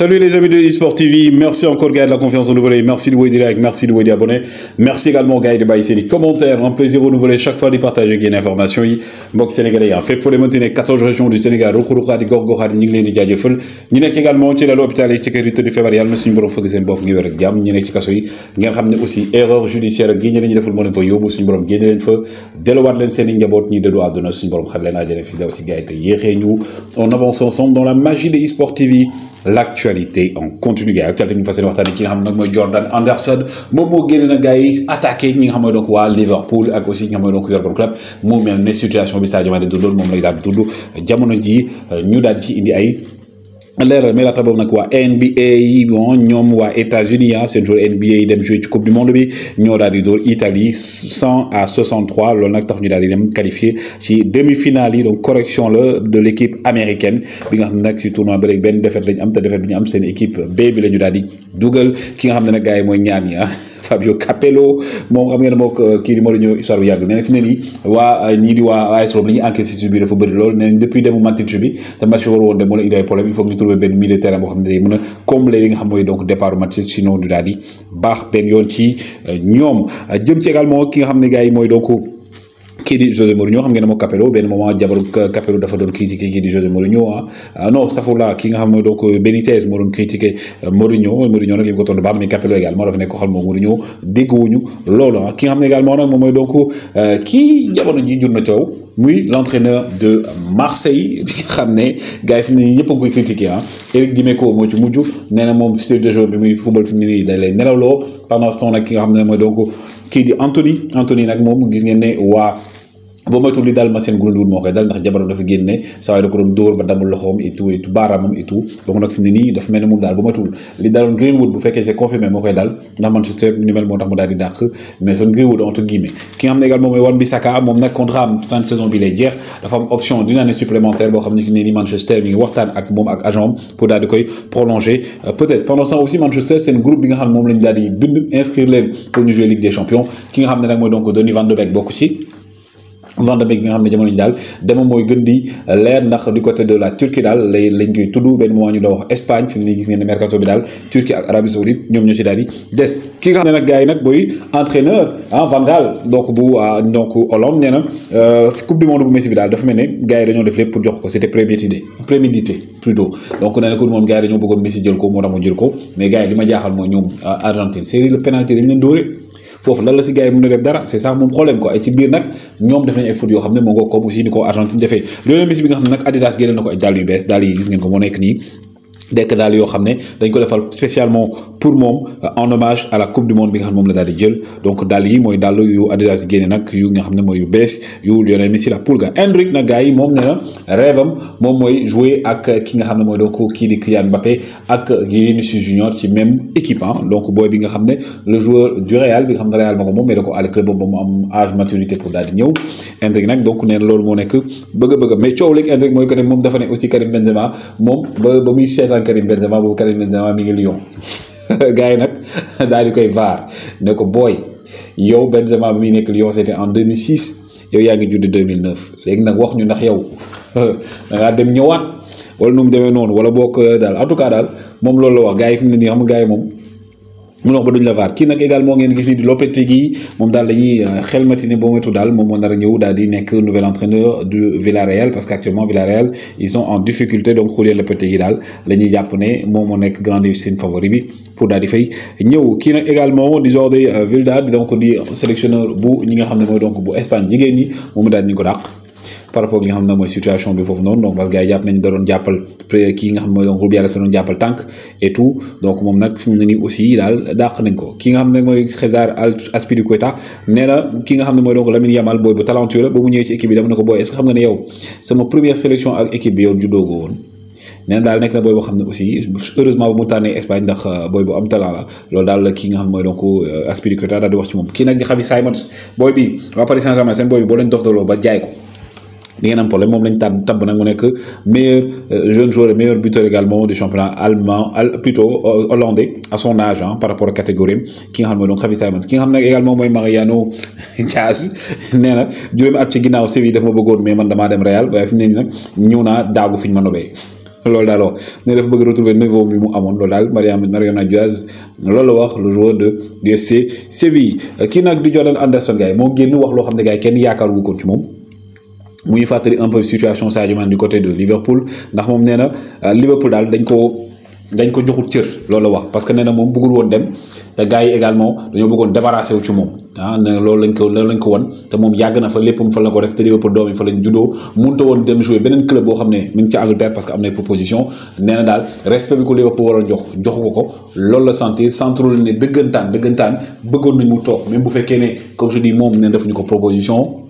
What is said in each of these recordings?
Salut les amis de eSport TV, merci encore Gaël de la confiance renouvelée, merci de vous aider like, merci de vous aider merci également Gaël de baisser les commentaires, un plaisir renouvelé chaque fois de partager des information, box Sénégalais, en hein, fait pour les montagnes 14 régions du Sénégal, Rokhouroukhar, Gorgorkhar, Niglen, Djadjefel, ñi nekk également ci lalu hôpital yi ci kër de tëdd feebar yàlla na suñu borom fëgg seen bopp ngi wér ak jàmm ñi nekk ci yi aussi erreur judiciaire gi ñeneen ñi deful moo leen fa yóbbu suñu borom génne leen dès le leen seen i njaboot de dëddu àdduna suñu borom xar leen aajale fi daw si gars yi te ñu on avance ensemble dans la magie de eSport TV l'actualité en continu gars actualité bi ñu fas yéene waxtaanee ki nga xam ne nag Jordan Anderson moom moo génne na gars attaqué ñi nga xam ne donc waa Liverpool ak aussi ñi nga xam ne donc Jürgen Klopp mu mel situation bi sa Sadio Mané dundoon mom lay daal di jamono ji euh, ñu daal ci indi ay leeral mais la boobu nak wa NBA yi bon ñoom États-Unis hein, c'est seen jour NBA dem jouer ci coupe du monde bi ñoo dal di dóor Italie 100 à 63 loolu nag tax ñu dal di dem qualifier ci demi-finale yi donc correction là de l'équipe américaine bi nga xam nak ci tournoi bi rek ben défaite lañ am te défaite bi ñu am sen équipe B bi lañu dal di dougal ki nga xam ne gaay gars yi ñaan yi Fabio Capello moom xam ngeen moo euh, kii di Mourinho histoire bi yàgg nee fi ne nii waa euh, ñii di waa AS Rome li ñuy encaissé si biir bëri lool nee depuis demu Manchester bi te match war woon dem moo la indi problème il faut que trouver benn milieu terrain boo xam ne day mën a combler li nga xam mooy donc départ Manchester sinon du daal di baax benn yoon ci euh, ñoom jëm ci également ki nga xam ne gars yi mooy donc Qui dit José Mourinho xam ngeen Capello Ben, moment jabarou Capello José Mourinho ah. Ah, non ki nga xam euh, Benitez euh, Mourinho Mourinho mais dafa Mourinho ah. ki nga xam donc euh, de Marseille qui nga fi Dimeco ci style de jeu bi football fi pendant ce temps nga xam Anthony Anthony gis ngeen boo moytuwul li daal machine Gouloumbou moo koy dal ndax jabaram dafa génne saa waay da ko doon dóor ba damul loxoom et tout et tout baaraamam et tout donc on a fini. ne nii dafa mel ne moom daal boo moytuwul li daaloon Greenwood bu fekkee c'est confirmé moo koy daal ndax Manchester United mel moo tax mu di mais son Greenwood entre guillemets ki nga également mooy Wan-Bissaka mon nag contrat am fin de saison bi La jeex option d'une année supplémentaire Bon, xam fini fi Manchester ni ngi waxtaan ak ak agent pour daal di koy prolonger euh, peut-être pendant ça aussi Manchester un groupe bi nga xam ne moom di bind inscrire les pour ñu jouer Ligue des Champions ki nga également donc Donny van de Beek beaucoup ci Vandebek bi nga xam ne jamono ji dal dama moy gën di euh, leer ndax du côté de la Turquie dal lay lañ koy tudd ben moment ñu doon wax Espagne fi mu gis ngeen mercato bi dal Turquie ak Arabie Saoudite ñom ñoo ci daal di dess ki nga xamné nak gaay nak yi entraîneur en ah, Van Gaal donc bu ah, donc Olom néna euh coupe du monde bu Messi bi dal dafa mel gaay dañu def lépp pour jox ko c'était prémédité prémédité plutôt donc nee na ko moom gars yi bëggoon Messi jël ko mo dama jël ko mais gaay yi jaaxal mooy ñom ah, Argentine série le penalty dañ leen dóore fofu lan la ci gaay mëna def dara c'est ça mom problème ko ay ci bir nak ñoom def nañ ay foot yoo xam ne moo ngo comme aussi ni ko Argentine defee Lionel Messi bi nga xam ne nag Adidas génne na ko bees dàll yi gis ngeen ko moo nekk nii dekk daal yo xamné ne dañ ko defal spécialement pour mom euh, en hommage à la coupe du monde bi nga xam mom la daal jël donc dal yi moy dal yu Adidas génne nak yu nga xamné ne yu bees yu Lionel Messi la poule ga hendrick na yi mom nee na rêve am jouer ak ki nga xamné moy mooy di Kylian Mbappé ak Vinicius Junior ci même équipe hein. donc boy bi nga xamné le joueur du Real bi nga xam Real moo mom mais da ko àll club ba am âge maturité pour daal di ñëw Endrick donc né lool mo nek bëgg bëgg mais ciow lek hendrick moy ko ne mom dafa né aussi Karim Benzema mom ba ba muy seetaan Karim Benzema boobu Karim Benzema mi ngi Lyon gars yi nag daal di koy vaar ne ko booy yow Benzema bi muy nekk Lyon c'était en 2006 yow yaa ngi judd léegi nag wax ñu ndax yow da ngaa dem ñëwaat wala nu mu demee noonu wala bokk euh, daal en tout cas daal moom loolu la wax gars fi ne nii xam nga gars moom. mun ba duñ la vaar kii nag également ngeen gis ni di Lopetegui mom dal dañuy euh, xelmati ne boo metu daal moom moo nar di nekk nouvel entraîneur du Villarreal parce qu'actuellement Villarreal ils sont en difficulté donc Julien Lopetegui daal la ñuy jàpp ne moom moo nekk grand seen favori bi pour dal di fay ñew ki nak également di de euh, Vildad donc di sélectionneur bu ñi nga xam moy donc bu Espagne jigéen ñi moom daal ñu ko par rapport à li nga xam situation bi foofu donc parce que gars yi jàpp nañu da doon kii nga xam mooy donc groupe yàlla sunu jàppal tànk et tout moom nag fi mu ne nii aussi daal dàq nañ ko ki nga xam ne mooy César Azpilicueta nee na booy bu talentueux ba mu ñëwee ci équipe bi dama ne ko booy est juddoo ko woon. nee na daal nekk na booy boo xam ne aussi heureusement bu mu tànnee Espagne ndax euh, booy bu am talent la loolu daal ki nga xam ne mooy donc euh, Azpilicueta daal di wax ci moom kii nag di Xavi Simons booy bi waa Paris Saint-Germain seen booy li ngeen am problème moom lañ tab tabb nag meilleur euh, jeune joueur et meilleur buteur également du championnat allemand plutôt euh, hollandais à son âge hein, par rapport à catégorie ki nga xam ne donc Xavi Simons ki nga xam ne également moy Mariano Diaz néna na juróomi at ci ginnaaw Séville daf ma bëggoon mais man dama dem Real way fi mu ne nii nag daagu fi ñu ma nobee loolu dafa bëgg retrouver niveau bi mu amone loolu dal Mariano Mariana Diaz la wax le joueur de du FC Séville ki nak du Jordan Anderson gars mo moo génn wax lo xamné gay gars kenn yaakaar wu ko ci mom mu ñu fàttali un peu situation Sadio Mané du côté de Liverpool ndax moom nee na euh, Liverpool daal dañ ko dañ ko joxul cër loolu la wax parce que nee na moom bëggul woon dem te gars yi également dañoo bëggoon débarrassé wu ci moom ah nee loolu lañ ko loolu lañ ko won te moom yàgg na fa léppam fa la ko def te Liverpool doom yi fa lañ juddoo munta woon dem jouer beneen club boo xam ne mi ngi ci Angleterre parce que am na proposition nee na daal respect bi ko Liverpool waroon jox joxu ko ko loolu la sentir sentirul ne dëggantaan dëggantaan bëggoon nañ mu toog même bu fekkee ne comme je dis moom nee na defuñu ko proposition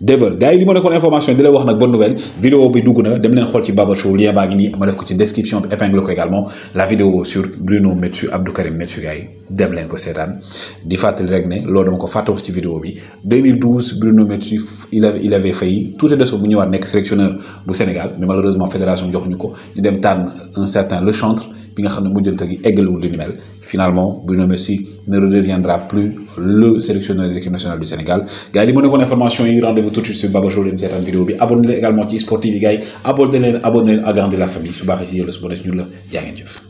Devil gars yi li ma nekkoon information di lay wax nak bonne nouvelle vidéo bi duguna dem len xol ci Baba Show lien baa ni ma def ko ci description bi épingle ko également la vidéo sur Bruno Metsu Abdou Karim Metsu gars dem len ko seetaan di fatali rek ne lo dama ko fàtte ci vidéo bi 2012 Bruno Metsu il avait il avait failli tout est de suite bu ñëwaat nek sélectionneur bu Sénégal mais malheureusement fédération jox ñuko ñu dem tan un certain Le Chantre bi nga xam ne mujjantal gi eggaliwul li ni mel finalement Bruno Messi ne redeviendra plus le sélectionneur de l'équipe nationale du Sénégal gars yi li mu nekkoon information yi rendez-vous tout de suite sur Baba Show leen seetaan vidéo bi abonnez également ci sportive yi gars yi abonnez leen abonné leen la famille su baaxee si yéen la su bonee suñu la jaa ngeen jëf